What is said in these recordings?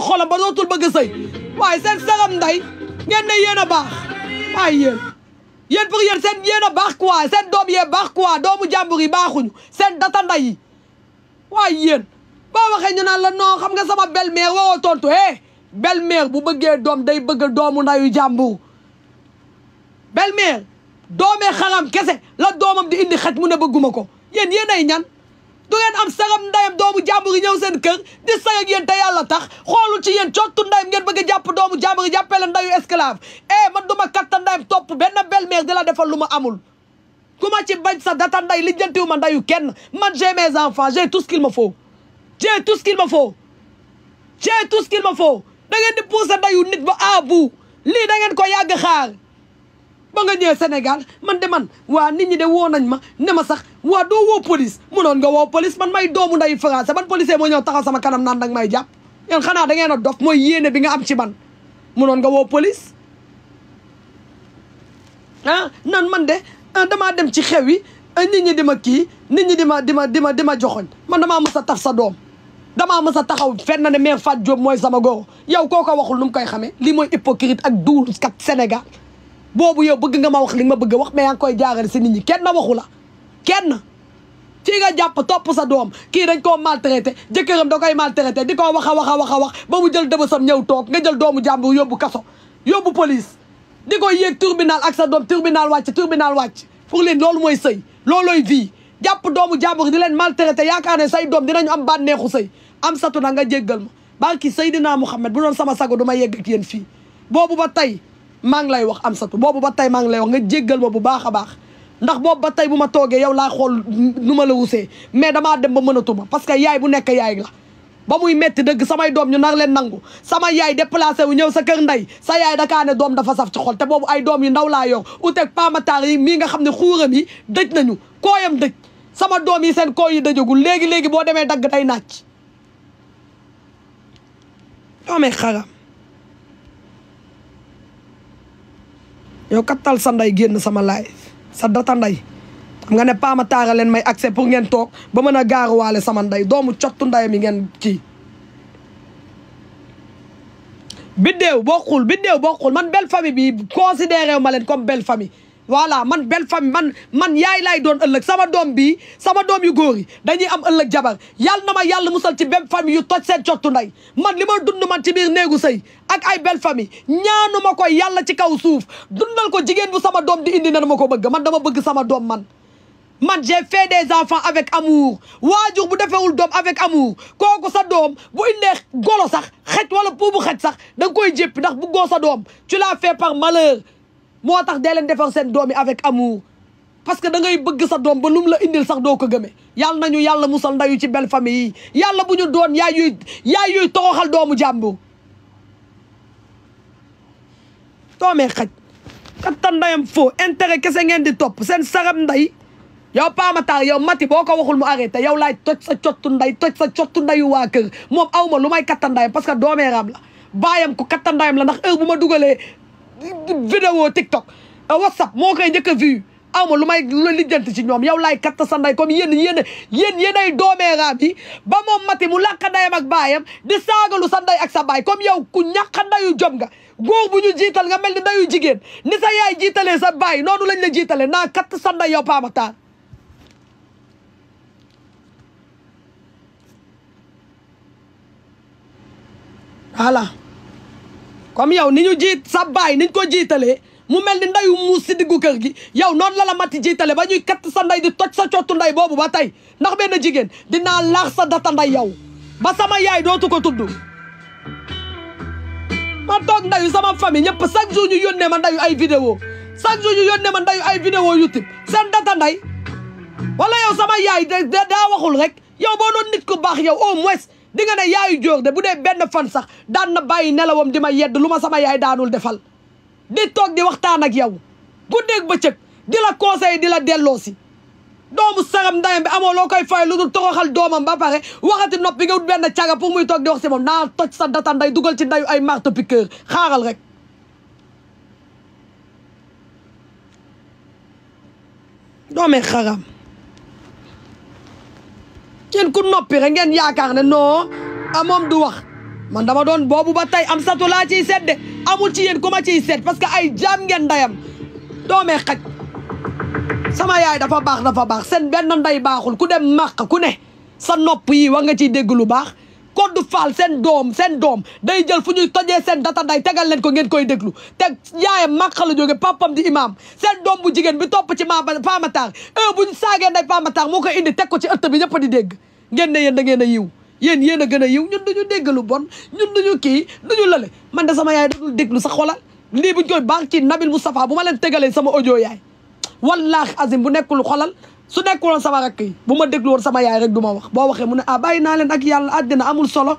xolam ba dootul bëgg sëy waaye seen saxam nday ngeen ne yéen a baax waaye yéen yéen pour yéen seen yéen a baax quoi seen doom yee baax quoi doomu jàmbur yi baaxuñu seen data nday yi waaye yéen boo waxee ñu naan la non xam nga sama belle-mère waroo tontu eh belle-mère bu bëggee doom day bëgg doomu ndayu jàmbur belle-mère doomee xaram kese la doomam di indi xaj mu ne bëgguma ko yéen yéen ay ñan du ngeen am sagam ndayam doomu jàmbur ñëw seen kër di sagak yéen te yàlla tax xoolu ci yéen cottu ndayam ngeen bëgg a jàpp doomu jàmbur yi jàppee la ndayu esclave eh man du ma katta ndayam topp benn belle di la defal lu ma amul ku ci bañ sa data nday li jëntiwu ma ndayu kenn man j'ai mes enfants j'ai tout ce qu'il me faut j'ai tout ce qu'il me faut j'ai da ngeen di pousser ndayu nit ba à lii da ko yàgg xaar ba nga ñëw Sénégal man de man wa nit ñi de wo nañ ma ne ma sax wa do wo police non nga wo police man may doomu nday français ban police mo ñëw taxaw sama kanam naan nak may japp yeen xana da ngay na dof moy yéene bi nga am ci man non nga wo police ah nan man de ah, dama dem ci xewi ah, nit ñi dima ki nit ñi dima dima dima dima di joxoñ man dama mësa a taf sa doom dama mësa taxaw fenn ne mais Fatou Diop sama go, yow koko waxul nu mu koy xamee lii mooy hypocrite ak kat Sénégal boobu yow bëgg nga ma wax li ma bëgg wax mais yaa koy jaagale si ni ñi kenn waxu la kenn fii nga jàpp topp sa doom kii dañ koo maltraité jëkkëram da koy maltraité di ko a wax a wax a wax ba mu jël dëbësam ñëw toog nga jël doomu jàmbur yóbbu kaso yóbbu police di ko yéeg tribunal ak sa doom tribunal wàcc tribunal wàcc pour leen loolu mooy sëy loolooy vie jàpp doomu jàmbur di leen maltraité yaakaar ne say doom dinañu am bànneexu sëy am satu na nga jéggal ma barki Seydina Muhammad bu doon sama sago du ma yegg ak fii boobu ba tey maa ngi lay wax am satu boobu ba tey maa ngi lay wax nga jéggal ma bu baax a baax ndax boobu ba tey bu ma toogee yow laa xool nu ma la wusee mais damaa dem ba mënatuma parce que yaay bu nekk yaay la ba muy metti dëgg samay doom ñu nar leen nangu sama yaay déplacé wu ñëw sa kër ndey sa yaay dakaa ne doom dafa saf ci xol te boobu ay doom yu ndaw laa yor uteeg pamataar yi mii nga xam ne xuuram yi dëj nañu koo yam dëj sama doom yi seen koo yi dëjagul léegi-léegi boo demee dagg day naaj amee xaram yow kattal sa nday génn sama live sa data nday xam nga ne paama taara leen may accès pour ngeen toog ba mën a gaaruwaale sama nday doomu cottu nday mi ngeen kii biddéew bokkul biddéew bokkul man belle famille bi considéré ma leen comme belle famille voilà man belle famille man man yaay lay doon euleuk sama dom bi sama dom yu góor dañuy am euleuk jabar yalla nama ma yàlla musal ci belle famille yu toj sen cottu nday man li ma dund man ci bir néegu sey ak ay belle famille ñaanuma ko yalla ci kaw suuf dundal ko jigen bu sama dom di indi nan mako bëgg man dama bëgg sama dom man man j'ai fait des enfants avec amour wajur bu defewul dom avec amour koku sa dom bu indee golo sax xet wala pou bu sax dang koy jep ndax bu go sa dom. tu l'as fait par malheur motax de len defal sen domi avec amour parce que da ngay bëgg sa dom ba lum la indil sax do ko gëmee yalla nañu yalla musal ndayu ci belle famille yalla buñu bu doon yaay yu yaay yuy toroxal doomu jàmbur doomee xaj kattan ndayam fo intérêt kessé ngeen di top, sen saram nday yow tal yow mati boko waxul mu arrêté yow lay toj sa cottu nday toj sa cottu ndayu wa kër mom awma lumay lu ndayam parce que domé ram la bayam ko kattan ndayam la ndax heure buma dugalé vidéo TikTok ah, WhatsApp moo koy njëkk a vu ama lu may lu lijjanti ci ñoom yow laay katta sanday comme yéen yéen yéen yéenay doomeeraam yi ba moom mati mu làkka ndayam ak baayam di saagalu sa ak sa baay comme yow ku ñàkka ndayu jom ñu jiital nga mel ni ndayu jigéen ni sa yaay jiitalee sa baay noonu lañ la jiitalee naa katt sanday yow paamataan voilà comme yow ni ñu jiit sa baay niñ ko jiitalee mu mel ni ndayu muus si diggu kër gi yow noonu la la matti jiitale ba ñuy katt sa nday di toj sa cottu nday boobu ba tey ndax benn jigéen di naa laax sa data nday yow ba sama yaay dootu ko tudd ma toog ndayu sama famille ñëpp chaque jour ñu yónnee ma ndayu ay vidéo chaque jour ñu yónnee ma ndayu ay vidéo YouTube seen data nday wala yow sama yaay daa waxul rek yow boo doon nit ku baax yow au moins di nga ne yaayu jóor de bu dee benn fan sax daan na bàyyi nelawam di ma yedd lu ma sama yaay daanul defal di toog di waxtaan ak yow guddeeg bëccëg di la conseil di la delloo si doomu saram ndayam bi amoo loo koy fay lu dul toroxal doomam ba pare waxati noppi nga wut benn caga pour muy toog di wax si moom naa toj sa data nday dugal ci ndayu ay marto piqueur xaaral rek doomee xaram kenn ku noppi rek ngeen yaakaar ne noo a ah, moom du wax man dama doon boobu ba tey am satu laa ci seet de amul ci yéen ku ma ciy seet parce que ay jaam ngeen ndayam doomee xaj sama yaay dafa baax dafa baax seen benn nday baaxul ku dem màq ku ne sa nopp yi war nga ciy dégg lu baax Codou faal seen doom seen doom day jël fu ñuy tojee seen data day tegal leen ko ngeen koy déglu teg yaayam màq la jóge papam di imam seen doom bu jigéen bi topp ci ma pamataar heure bu ñu saagee nday pamataar moo ko indi teg ko ci ëtt bi ñëpp di dégg ngeen ne yéen da geen a yiw yéen yéen a gën a yiw ñun duñu dégg lu bon ñun duñu kii duñu lale man de sama yaay dadul déglu sax xoolal lii buñ koy baax ci Nabil Moustapha bu ma leen tegalee sama audio yaay wallaahi azim bu nekkul xolal su nekkuloon sama rakk bu ma déglu woon sama yaay rek du ma wax boo waxee mu ne ah bàyyi naa leen ak yàlla àddina amul solo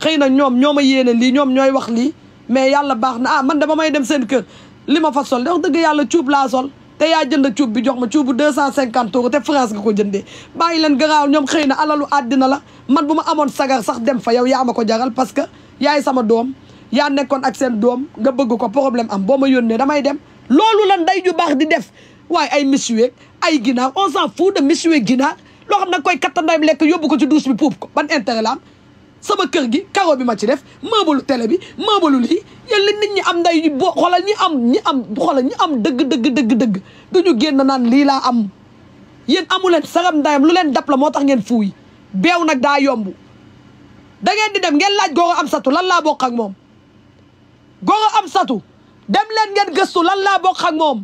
xëy na ñoom ñoo ma yéene lii ñoom ñooy wax lii mais yàlla baax na ah man dama may dem seen kër li ma fa sol de wax dëgg yàlla cuub laa sol te yaa jënd cuub bi jox ma cuub bu deux cent cinquante euros te France nga ko jëndee bàyyi leen garaaw ñoom xëy na alalu àddina la man bu ma amoon sagar sax dem fa yow yaa ma ko jaral parce que yaay sama doom yaa nekkoon ak seen doom nga bëgg ko problème am boo ma yónnee damay dem loolu lan day ju baax di def waaye ay messieurs ay ginaar on s'en fout de messieurs ginaar loo xam ne koy kattandaayam lekk yóbbu ko ci douche bi puub ko ban intérêt la am sama kër gi karo bi ma ci def maabalu télé bi maabalu lii yàlla nit ñi am nday boo xoolal ñi am ñi am xoolal ñi am dëgg dëgg dëgg dëgg dañu génn naan lii laa am yéen amu leen saram ndayam lu leen dab la moo tax ngeen fuuy beew nag daa yomb da ngeen di dem ngeen laaj gooro am satu lan laa bokk ak moom gooro am satu dem leen ngeen gëstu lan laa bokk ak moom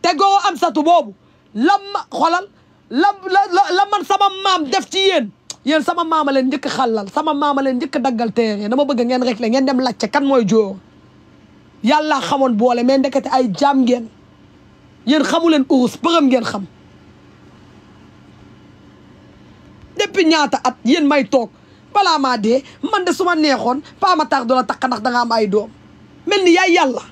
te goo am satu boobu lam ma xolal lam la la man sama maam def ci yéen yéen sama maama leen njëkk xàllal sama maam leen njëkk daggal téere dama bëgg ngeen rek le ngeen dem lacce kan mooy joor yàlla xamoon boole mais ndekete ay jaam ngeen yéen xamu leen urus përëm ngeen xam depuis ñaata at yéen may toog balaa maa dee man de suma neexoon paa ma tax du la takk am ay doom mel ni yaay yàlla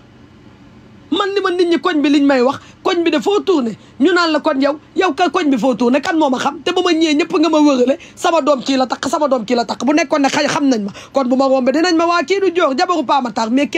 man ni ma nit ñi koñ bi liñ may wax koñ bi de foo tourné ñu naan la kon yow yow koñ bi foo tourné kan moo ma xam te ba ma ñëwee ñëpp nga ma wërale sama doom kii la tax sama doom kii la tax bu nekkoon ne xay xam nañ ma kon bu ma rombe dinañ ma waa kii du joor jabaru paama tax mais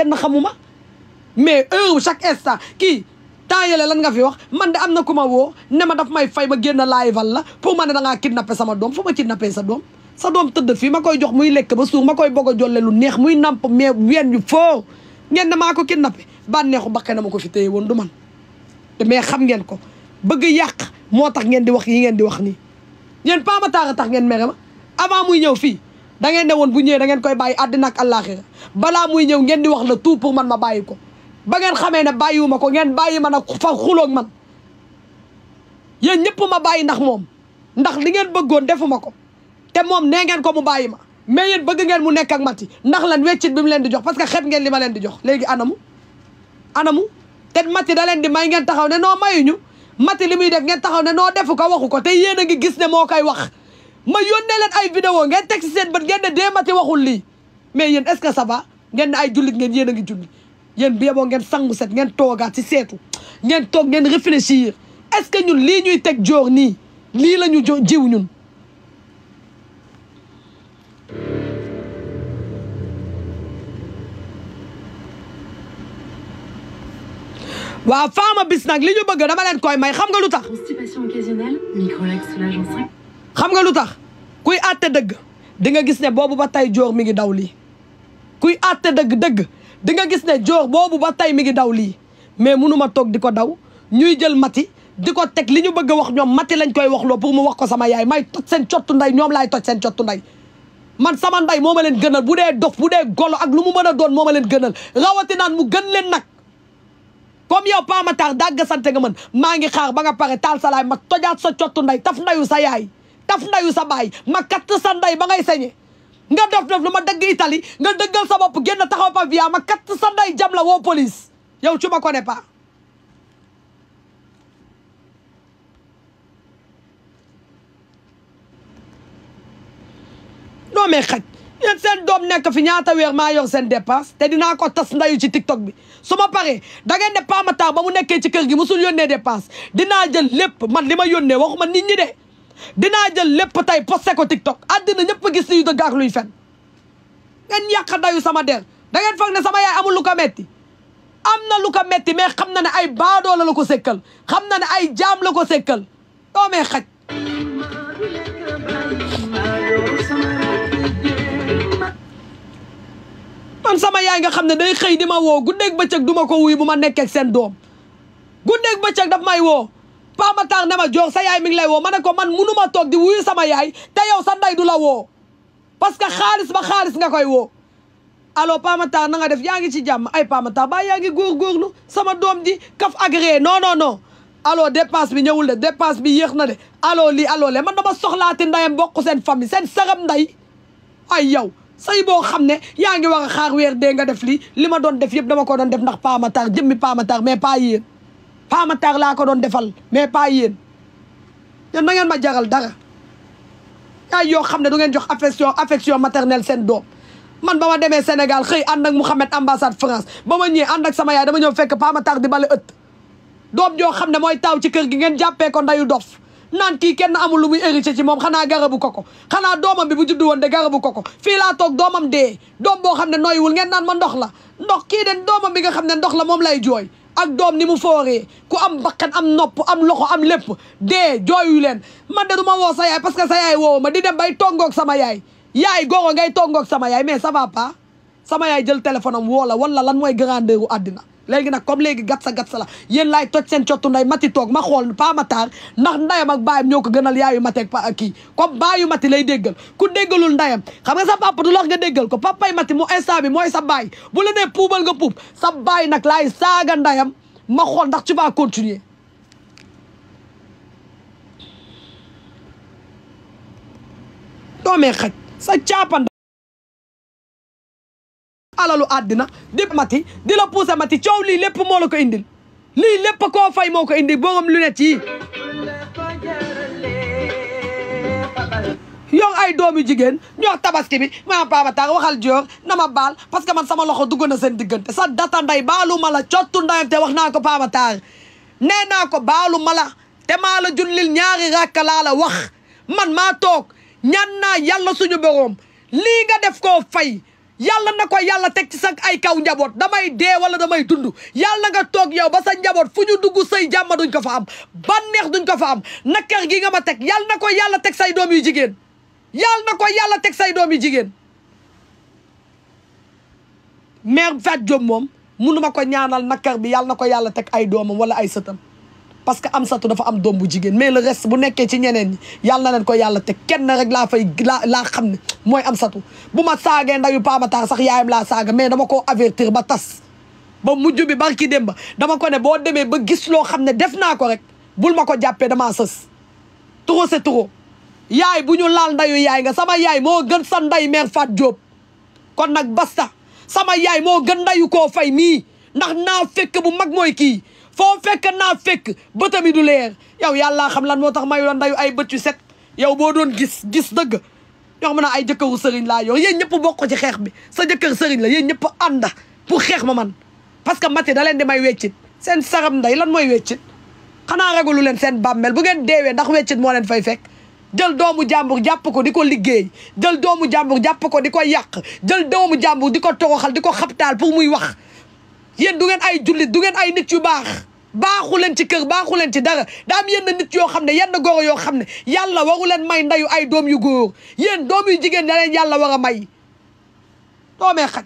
mais heure chaque kii taayale lan nga fi wax man de am na ku ma woo ne ma daf may fay ma génn laayval la pour ma ne da ngaa kidnappé sama doom fu ma kidnappé sa doom sa doom tëdd fii ma koy jox muy lekk ba suur ma koy bëgg a jolle lu neex muy namp mais ween yu foo ngeen ne maa ko kidnappé bànneexu baqe na ma ko fi téye woon du man te mais xam ngeen ko bëgg yaq moo tax ngeen di wax yi ngeen di wax ni yéen pa ma a tax ngeen mere ma avant muy ñew fi da ngeen ne bu ñew da ngeen koy bayyi adina ak àllaaxira bala muy ñew ngeen di wax la tout pour man ma bayyi ko ba ngeen xamé ne bàyyiwuma ko ngeen bayyi man ak fa xuloog man yeen ñepp ma bayyi ndax mom ndax li ngeen bëggoon defuma ko te mom ne ngeen ko mu bàyyi ma mais yeen bëgg ngeen mu nekk ak mati ndax lan wéccit bimu leen di jox parce que xet ngeen li ma leen di jox léegi anamu anamu te Maty da di may ngeen taxaw ne noo mayuñu mati li muy def ngeen taxaw ne noo defu ko waxu ko te yéen a ngi gis ne moo koy wax ma yónnee leen ay vidéo ngeen teg si seen bët ngeen ne dee Maty waxul lii mais yéen est-ce que ça va ngeen ne ay jullit ngeen yéen a ngi julli yen bi yeboo ngeen sangu set ngeen toogaat si seetu ngeen toog ngeen réfléchir est-ce que ñun lii ñuy teg joor nii lii la ñu jiw ñun waaw Fama bis nag li ñu bëgg dama leen koy may xam nga lu tax. nga lu tax kuy àtte dëgg di nga gis ne boobu ba tey joor mi ngi daw lii kuy àtte dëgg dëgg di gis ne joor boobu ba tey mi ngi daw lii mais munu toog di ko daw ñuy jël mati di ko teg li ñu bëgg a wax ñoom mati lañ koy wax loo pour mu wax ko sama yaay may toj seen cottu nday ñoom laay toj seen cottu nday man sama nday moo ma leen gënal bu dee dof bu dee golo ak lu mu mën a doon moo ma leen gënal rawatinaan mu gën leen nag. comme yow Paa Matar dagg sant nga maa ngi xaar ba nga pare taal sa laay ma tojaat sa cottu nday taf ndayu sa yaay taf ndayu sa baay ma katt sa nday ba ngay nga def def lu ma dëgg Italie nga dëggal sa bopp génn taxaw pa via ma katt sa nday jam la woo police yow tu ma connais pas non mais xaj yéen seen doom nekk fi ñaata weer maa yor seen dépense te dinaa ko tas ndayu ci tiktok bi su ma paree da ngeen ne Pape Matar ba mu nekkee ci kër gi musul yónnee dépense dinaa jël lépp man li ma yónnee waxuma nit ñi de dinaa jël lépp tey posté ko tiktok àddina ñëpp gis ni yu dëgg ak luy fen ngeen yàq ndayu sama der da ngeen ne sama yaay amu lu ko metti am na lu ko metti mee xam na ne ay baadoo la la ko sekkal xam na ne ay jaam la ko sekkal doomee xaj sama yaay nga xam ne day xëy di ma woo guddeeg bëccëg du ma ko wuy bu ma nekkeek seen doom guddeeg bëccëg daf may woo Pape Matar ne ma joor sa yaay mi ngi lay woo ma ne ko man munu ma toog di wuyu sama yaay te yow sa nday du la woo parce que xaalis ba xaalis nga koy woo allo Pape Matar na nga def yaa ngi ci jàmm ay Pape Matar ba yaa ngi góorgóorlu sama doom ji kaf agréé non non non allo dépense bi ñëwul de dépense bi yéex na de allo lii allo le man dama soxlaati ndayam bokk seen famille seen saram nday ay yow say boo xam ne yaa ngi wax xaar weer dee nga def lii li ma doon def yëpp dama ko doon def ndax paamataar jëmmi paamataar mais pas yéen paamataar laa ko doon defal mais pas yéen yéen na ngeen ma jaral dara yaay yoo xam ne du ngeen jox affection affection seen doom man ba ma demee Sénégal xëy ànd ak Mouhamed ambassade France ba ma ñëwee ànd ak sama yaay dama ñëw fekk paamataar di bale ëtt doom joo xam ne mooy taaw ci kër gi ngeen jàppee ko ndayu dof naan kii kenn amul lu muy hérité ci moom xanaa garabu koko xanaa doomam bi bu juddu woon de garabu koko fii laa toog doomam dee doom boo xam ne nooyiwul ngeen naan ma ndox la ndox kii de doomam bi nga xam ne ndox la moom lay jooy ak doom ni mu fooree ku am bakkan am nopp am loxo am lépp dee jooyu leen man de du ma woo sa yaay parce que sa yaay woowu ma di dem bay tongook sama yaay yaay goro ngay tongoog sama yaay mais ça va sama yaay jël téléphone am woo la lan mooy grandeur u àddina léegi nag comme léegi gat sa gat sa la yéen laay toj seen nay nday mati toog ma xool Pa Matar ndax ndayam ak baayam ñoo ko gënal yaayu mateeg pa kii comme baayu mati lay déggal ku déggalul ndayam xam nga sa papa tu la wax nga déggal ko papay mati mu instant bi mooy sa baay bu la nee puubal nga puub sa baay nag laay saaga ndayam ma xool ci tu vas continuer doomee xaj sa caapan alalu adina, dip mati di la mati ciow li lepp mo la ko indil li lepp ko fay moo ko indil lu lunette yi yow ay doomu jigen ñoo tabaski bi ma Papa Tall waxal joor na ma parce que man sama loxo dugg na seen diggante sa data nday balu mala la nday te wax naa ko Papa Tall nee naa ko balu mala te mala la ñaari rakala la wax man ma tok ñanna yalla suñu boroom li nga def ko fay yàlla na ko yàlla teg ci sa ay kaw njaboot damay dee wala damay dund yàlla nga toog yow ba sa njaboot fu ñu dugg say jàmm duñ ko fa am bànneex duñ ko fa am nakar gi nga ma teg yàlla na ko yàlla teg say doom yu jigéen yàlla na ko yàlla teg say doom yu jigéen mère Fatou Diop moom mënuma ko ñaanal nakar bi yàlla na ko yàlla teg ay doomam wala ay sëtam parce que am satu dafa am doom bu jigéen mais le reste bu nekkee ci ñeneen ñi yàlla na leen ko yàlla te kenn rek laa fay laa laa xam ne mooy Amsatou bu ma saagee ndayu Pamataar sax yaayam laa saaga mais dama koo avertir ba tas ba mujj bi barki dem ba dama ko ne boo demee ba gis loo xam ne def naa ko rek bul ma ko jàppee damaa sës trop yaay bu ñu laal ndayu yaay nga sama yaay moo gën sa nday mère Fat Diop kon nag basta sama yaay moo gën ndayu koo fay nii ndax naa fekk bu mag mooy kii foo fekk naa fekk bëtam yi du leer yow yàllaa xam lan moo tax mayu la ay bët yu set yow boo doon gis gis dëgg ñoo ma ne ay jëkkëru sëriñ laa yor yéen ñëpp bokko ci xeex bi sa jëkkër sëriñ la yéen ñëpp ànda pour xeex ma man parce que mati da leen di may weccit seen saram nday lan mooy weccit xanaa ragulu leen seen bàmmeel bu ngeen deewee ndax weccit moo leen fay fekk jël doomu jàmbur jàpp ko di ko liggéey jël doomu jàmbur jàpp ko di ko yàq jël doomu jàmbur di ko toroxal di ko xabtaal pour muy wax yéen du ay jullit du ay nit yu baax baaxu leen ci kër baaxu leen ci dara daam yenn nit yoo xam ne yenn goro yoo xam ne yàlla waru leen may ndayu ay doom yu góor yéen doom yu jigéen da leen yàlla war a may doomee xaj